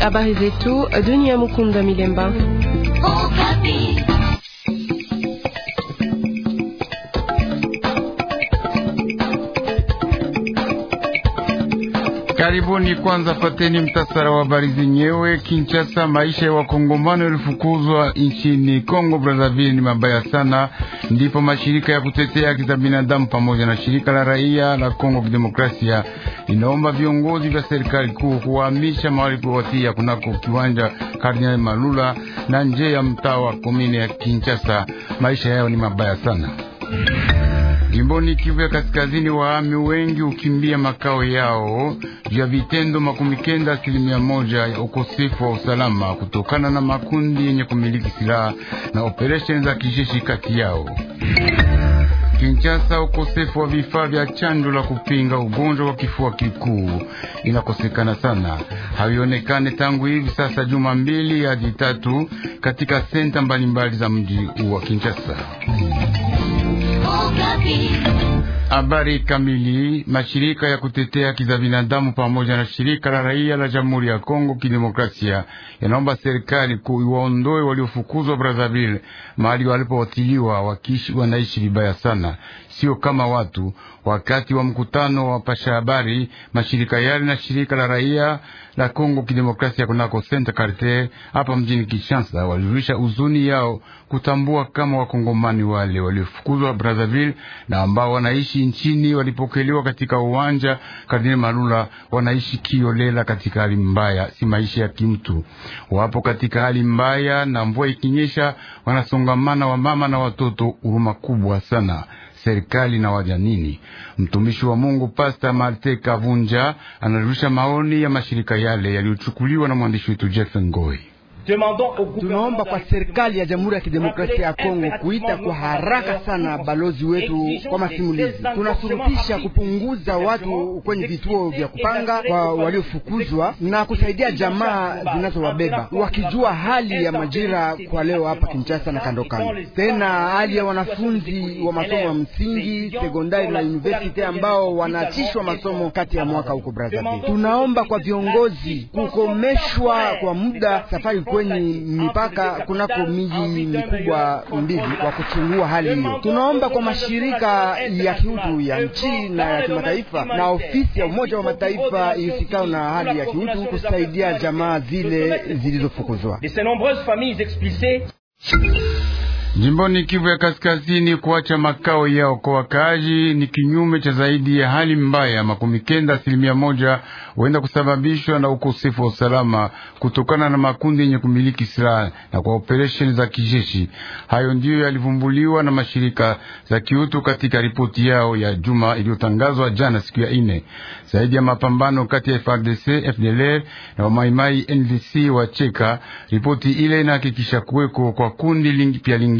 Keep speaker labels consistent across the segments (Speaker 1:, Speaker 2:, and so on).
Speaker 1: Habari zetu dunia, Mukunda Milemba.
Speaker 2: Oh,
Speaker 3: Karibuni. Kwanza fateni mtasara wa habari zenyewe. Kinshasa, maisha ya wakongomano yalifukuzwa nchini Kongo Brazzaville ni mabaya sana, ndipo mashirika ya kutetea haki za binadamu pamoja na shirika la raia la Kongo Kidemokrasia inaomba viongozi vya serikali kuu kuhamisha mahali kuwatia kunako kiwanja Kardinal Malula na nje ya mtaa wa komine ya Kinshasa. Maisha yao ni mabaya sana jimboni Kivu ya Kaskazini, wahami wengi hukimbia makao yao ya vitendo makumi kenda asilimia moja ya ukosefu wa usalama kutokana na makundi yenye kumiliki silaha na operesheni za kijeshi kati yao. Kinshasa, ukosefu wa vifaa vya chanjo la kupinga ugonjwa wa kifua kikuu inakosekana sana, havionekane tangu hivi sasa juma mbili hadi tatu katika senta mbalimbali za mji wa Kinshasa. Habari kamili. Mashirika ya kutetea haki za binadamu pamoja na shirika la raia la Jamhuri ya Kongo Kidemokrasia yanaomba serikali kuiwaondoe waliofukuzwa Brazzaville, mahali walipowatiliwa wakiishi, wanaishi vibaya sana, sio kama watu. Wakati wa mkutano wa pasha habari, mashirika yale na shirika la raia la Kongo Kidemokrasia kunako Senta Carter hapa mjini Kinshasa walijulisha uzuni yao kutambua kama wakongomani wale waliofukuzwa Brazzaville na ambao wanaishi nchini walipokelewa katika uwanja Kardinali Malula wanaishi kiolela katika hali mbaya, si maisha ya kimtu. Wapo katika hali mbaya, na mvua ikinyesha wanasongamana, wamama na watoto, huruma kubwa sana serikali na wajanini. Mtumishi wa Mungu Pasta Marte Kavunja anarudisha maoni ya mashirika yale yaliyochukuliwa na mwandishi wetu Jackson Ngoi.
Speaker 4: Tunaomba kwa serikali ya Jamhuri ya Kidemokrasia ya Kongo kuita kwa haraka sana balozi wetu kwa masimulizi. Tunasurutisha kupunguza watu kwenye vituo vya kupanga kwa waliofukuzwa na kusaidia jamaa zinazowabeba wakijua hali ya majira kwa leo hapa Kinshasa na kando kando, tena hali ya wanafunzi wa masomo ya msingi, sekondari na university ambao wanaachishwa masomo kati ya mwaka huko Brazzaville. Tunaomba kwa viongozi kukomeshwa kwa muda safari kwe kwenye mipaka kunako miji mikubwa mbili kwa kuchungua hali hiyo. Tunaomba kwa mashirika ya kiutu ya nchi na ya kimataifa na ofisi ya Umoja wa Mataifa ihusikao na hali ya kiutu kusaidia jamaa zile zilizofukuzwa.
Speaker 3: Jimboni Kivu ya Kaskazini, kuacha makao yao kwa wakaaji ni kinyume cha zaidi ya hali mbaya. Makumi kenda asilimia moja huenda kusababishwa na ukosefu wa usalama kutokana na makundi yenye kumiliki silaha na kwa operesheni za kijeshi. Hayo ndiyo yalivumbuliwa na mashirika za kiutu katika ripoti yao ya juma iliyotangazwa jana siku ya ine. Zaidi ya mapambano kati ya frdc FDLR na wamaimai NDC wa Cheka, ripoti ile inahakikisha kuweko kwa kundi lingi pia lingi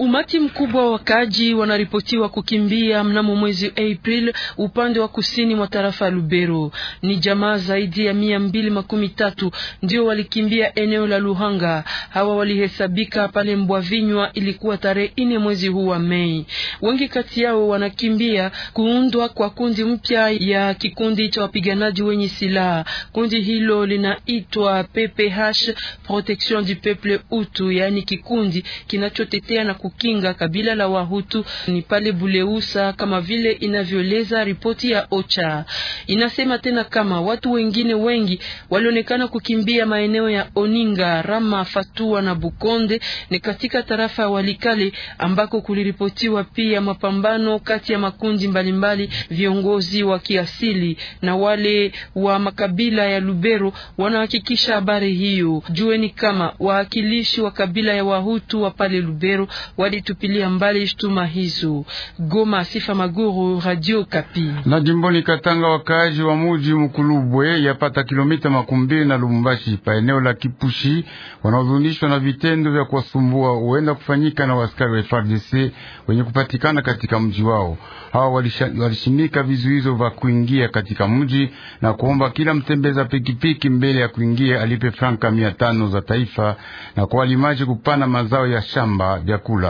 Speaker 1: Umati mkubwa wa wakaaji wanaripotiwa kukimbia mnamo mwezi April upande wa kusini mwa tarafa ya Lubero. Ni jamaa zaidi ya mia mbili makumi tatu ndio walikimbia eneo la Luhanga. Hawa walihesabika pale Mbwavinywa, ilikuwa tarehe ine mwezi huu wa Mei. Wengi kati yao wanakimbia kuundwa kwa kundi mpya ya kikundi cha wapiganaji wenye silaha. Kundi hilo linaitwa PPH, Protection du Peuple Hutu, yaani kikundi kinachotetea na ku kukinga kabila la Wahutu ni pale Buleusa, kama vile inavyoeleza ripoti ya OCHA. Inasema tena kama watu wengine wengi walionekana kukimbia maeneo ya Oninga, Rama, Fatua na Bukonde ni katika tarafa ya Walikale ambako kuliripotiwa pia mapambano kati ya makundi mbalimbali mbali, viongozi wa kiasili na wale wa makabila ya Lubero wanahakikisha habari hiyo. Jueni kama waakilishi wa kabila ya Wahutu wa pale Lubero walitupilia mbali shtuma hizo. Goma, Sifa Maguru,
Speaker 3: Radio Kapi. Na jimboni Katanga, wakaaji wa muji Mkulubwe yapata kilomita makumi mbili na Lubumbashi pa eneo la Kipushi wanaodhunishwa na vitendo vya kuwasumbua huenda kufanyika na waskari wa FARDC wenye kupatikana katika mji wao. Hawa walishimika vizuizo vya kuingia katika mji na kuomba kila mtembeza pikipiki mbele ya kuingia alipe franka mia tano za taifa na kwa walimaji kupana mazao ya shamba vyakula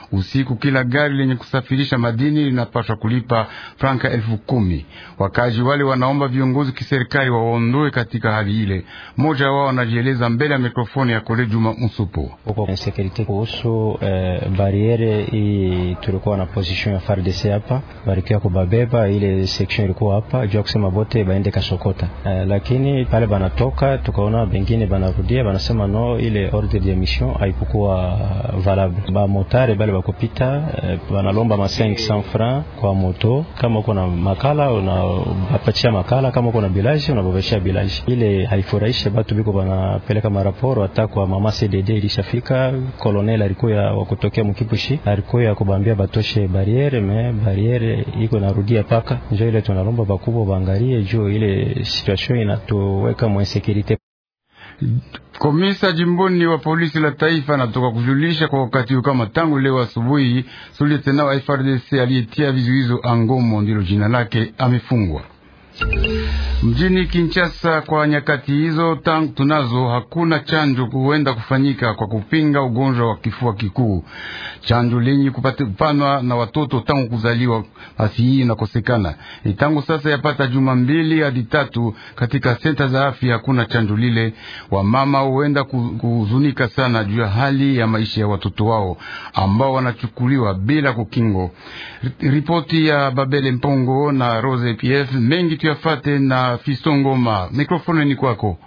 Speaker 3: Usiku kila gari lenye kusafirisha madini linapaswa kulipa franka elfu kumi. Wakazi wale wanaomba viongozi kiserikali waondoe katika hali ile. Mmoja wao anajieleza mbele ya mikrofoni ya Kole Juma Msupo.
Speaker 4: kuhusu eh, bariere hii tulikuwa na position ya FARDC hapa, barikia kubabeba ile section ilikuwa hapa juu ya kusema bote baende kasokota eh, lakini pale banatoka tukaona bengine banarudia banasema no, ile de mission haikukuwa valable ba motare bale ya kupita eh, wanalomba ma 500 francs kwa moto. Kama uko na makala unabapatia makala, kama uko na bilaji unabapatia bilaji. Ile haifurahishe batu biko wanapeleka maraporo hata kwa mama CDD ilishafika. alikuwa wa kutokea Mkipushi alikuwa kubambia batoshe barriere me barriere iko narudia paka, njo ile tunalomba bakubwa baangalie juu ile situation inatuweka mwensekirite
Speaker 3: Komisa jimboni wa polisi la taifa natoka kujulisha kwa wakati kama tangu leo asubuhi, sulietena wa FRDC aliyetia vizuizo Angomo ndilo jina lake amefungwa mjini Kinshasa. Kwa nyakati hizo tangu tunazo hakuna chanjo kuenda kufanyika kwa kupinga ugonjwa wa kifua kikuu. Chanjo lenye kupanwa na watoto tangu kuzaliwa, basi hii inakosekana ni tangu sasa yapata juma mbili hadi tatu. Katika senta za afya hakuna chanjo lile. Wamama huenda kuhuzunika sana juu ya hali ya maisha ya watoto wao ambao wanachukuliwa bila kukingo. Ripoti ya Babele Mpongo na Rose mengi tuyafate na Bwana Ngoma, mikrofoni ni kwako.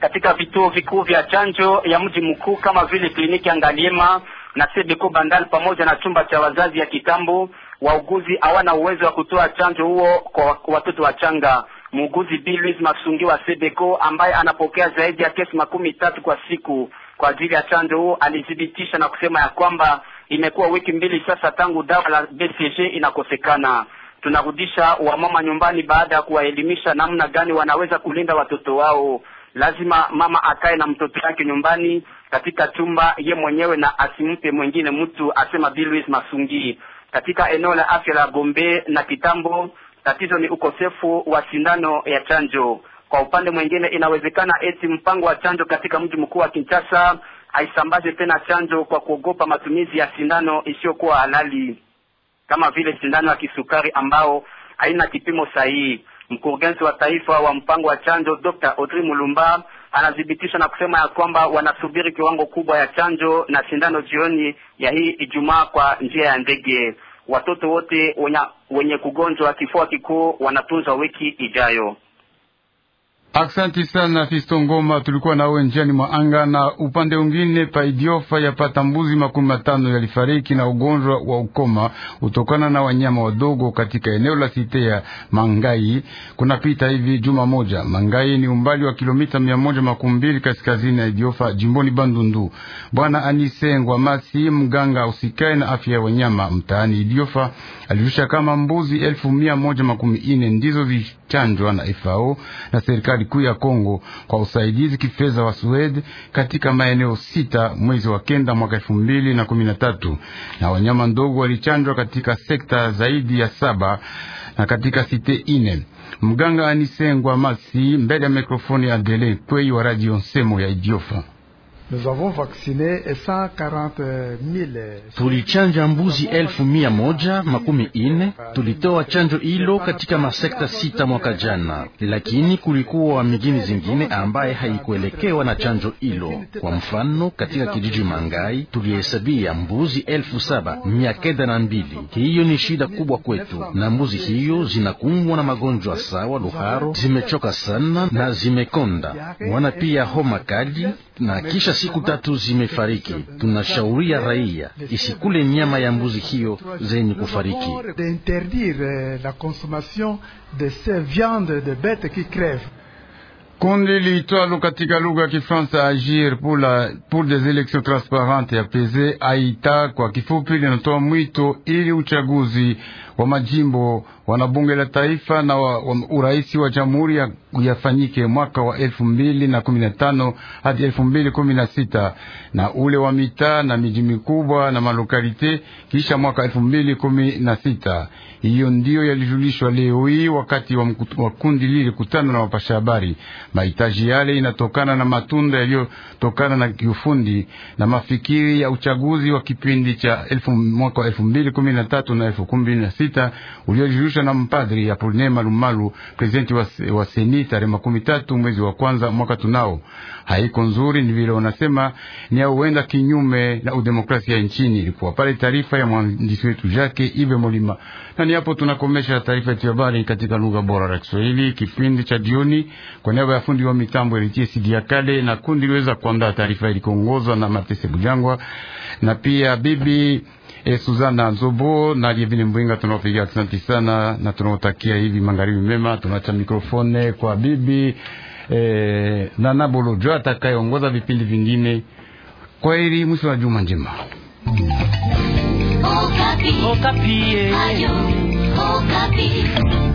Speaker 2: Katika vituo vikuu vya chanjo ya mji mkuu kama vile kliniki ya Ngaliema na Sebeko Bandal pamoja na chumba cha wazazi ya Kitambo, wauguzi hawana uwezo wa kutoa chanjo huo kwa watoto wachanga. Muuguzi Bilis Masungi wa Sebeko ambaye anapokea zaidi ya kesi makumi tatu kwa siku kwa ajili ya chanjo huo alithibitisha na kusema ya kwamba imekuwa wiki mbili sasa tangu dawa la BCG inakosekana tunarudisha wamama nyumbani baada ya kuwaelimisha namna gani wanaweza kulinda watoto wao. Lazima mama akae na mtoto wake nyumbani katika chumba ye mwenyewe na asimpe mwingine mtu, asema Bilwis Masungi. Katika eneo la afya la Gombe na Kitambo, tatizo ni ukosefu wa sindano ya chanjo. Kwa upande mwingine, inawezekana eti mpango wa chanjo katika mji mkuu wa Kinshasa haisambaze tena chanjo kwa kuogopa matumizi ya sindano isiyokuwa halali kama vile sindano ya kisukari ambao haina kipimo sahihi. Mkurugenzi wa taifa wa mpango wa chanjo Dr. Audrey Mulumba anathibitisha na kusema ya kwamba wanasubiri kiwango kubwa ya chanjo na sindano jioni ya hii Ijumaa kwa njia ya ndege. Watoto wote wenye kugonjwa kifua kikuu wanatunzwa wiki ijayo.
Speaker 3: Aksanti sana Fisto Ngoma, tulikuwa nawe njiani mwa anga. Na upande ungine pa idiofa ya patambuzi makumi matano yalifariki na ugonjwa wa ukoma utokana na wanyama wadogo katika eneo la site ya Mangai kunapita hivi juma moja. Mangai ni umbali wa kilomita mia moja makumi mbili kaskazini ya idiofa jimboni Bandundu. Bwana Anisengwa Masi, mganga usikae na afya ya wanyama mtaani idiofa, alirusha kama mbuzi elfu mia moja makumi ine ndizo zichanjwa na FAO na serikali serikali kuu ya Kongo kwa usaidizi kifedha wa suede katika maeneo sita mwezi wa kenda mwaka elfu mbili na kumi na tatu. Na wanyama ndogo walichanjwa katika sekta zaidi ya saba na katika site ine. Mganga Anisengwa Masi mbele ya mikrofoni ya Adele Kwei wa Radio Nsemo ya Idiofa. Tulichanja mbuzi elfu mia moja makumi ine. Tulitoa chanjo
Speaker 4: hilo katika masekta sita mwaka jana, lakini kulikuwa wa migini zingine ambaye haikuelekewa na chanjo hilo. Kwa mfano, katika kijiji Mangai tulihesabia mbuzi elfu saba mia kenda na mbili. Hiyo ni shida kubwa kwetu, na mbuzi hiyo zinakumbwa na magonjwa sawa luharo, zimechoka sana na zimekonda, wana pia homa kali na kisha siku tatu zimefariki. Tunashauria raia isikule nyama ya mbuzi hiyo zenye kufariki. Eh,
Speaker 3: Kundi liitwalo katika lugha ya Kifaransa Agir pour la pour des élections transparentes et apaisées, AITA kwa kifupi, linatoa mwito ili uchaguzi wa majimbo, wanabunge la taifa na wa, wa uraisi wa jamhuri ya, yafanyike mwaka wa elfu mbili na kumi na tano hadi elfu mbili kumi na sita na ule wa mitaa na miji mikubwa na malokalite kisha mwaka elfu mbili kumi na sita. Hiyo ndiyo yalijulishwa leo hii wakati wa, wa kundi lile kutano na wapasha habari. Mahitaji yale inatokana na matunda yaliyotokana na kiufundi na mafikiri ya uchaguzi wa kipindi cha elfu, mwaka wa elfu mbili kumi na tatu na elfu kumi na sita sita uliojirusha na mpadri ya Pauline Malumalu, presidenti wa, wa seni tarehe makumi tatu mwezi wa kwanza mwaka tunao, haiko nzuri, ni vile wanasema ni auenda kinyume na udemokrasia nchini. Ilikuwa pale taarifa ya mwandishi wetu Jacques Ive Molima, na ni hapo tunakomesha taarifa yetu ya habari katika lugha bora ya Kiswahili kipindi cha jioni. Kwa niaba ya fundi wa mitambo Eritie Sidia Kale na kundi liweza kuandaa taarifa ilikiongozwa na Matese Bujangwa na pia bibi Eh, Suzana Nzobo na Lievine Mbwinga, tunawapigia asante sana na tunawatakia hivi magharibi mema. Tunaacha mikrofone kwa bibi eh, Nana Bolojo atakayeongoza vipindi vingine. Kwa heri, mwisho wa juma njema.
Speaker 1: Okapi. Oh, Okapi.
Speaker 2: Oh, eh. Ayo. Okapi. Oh,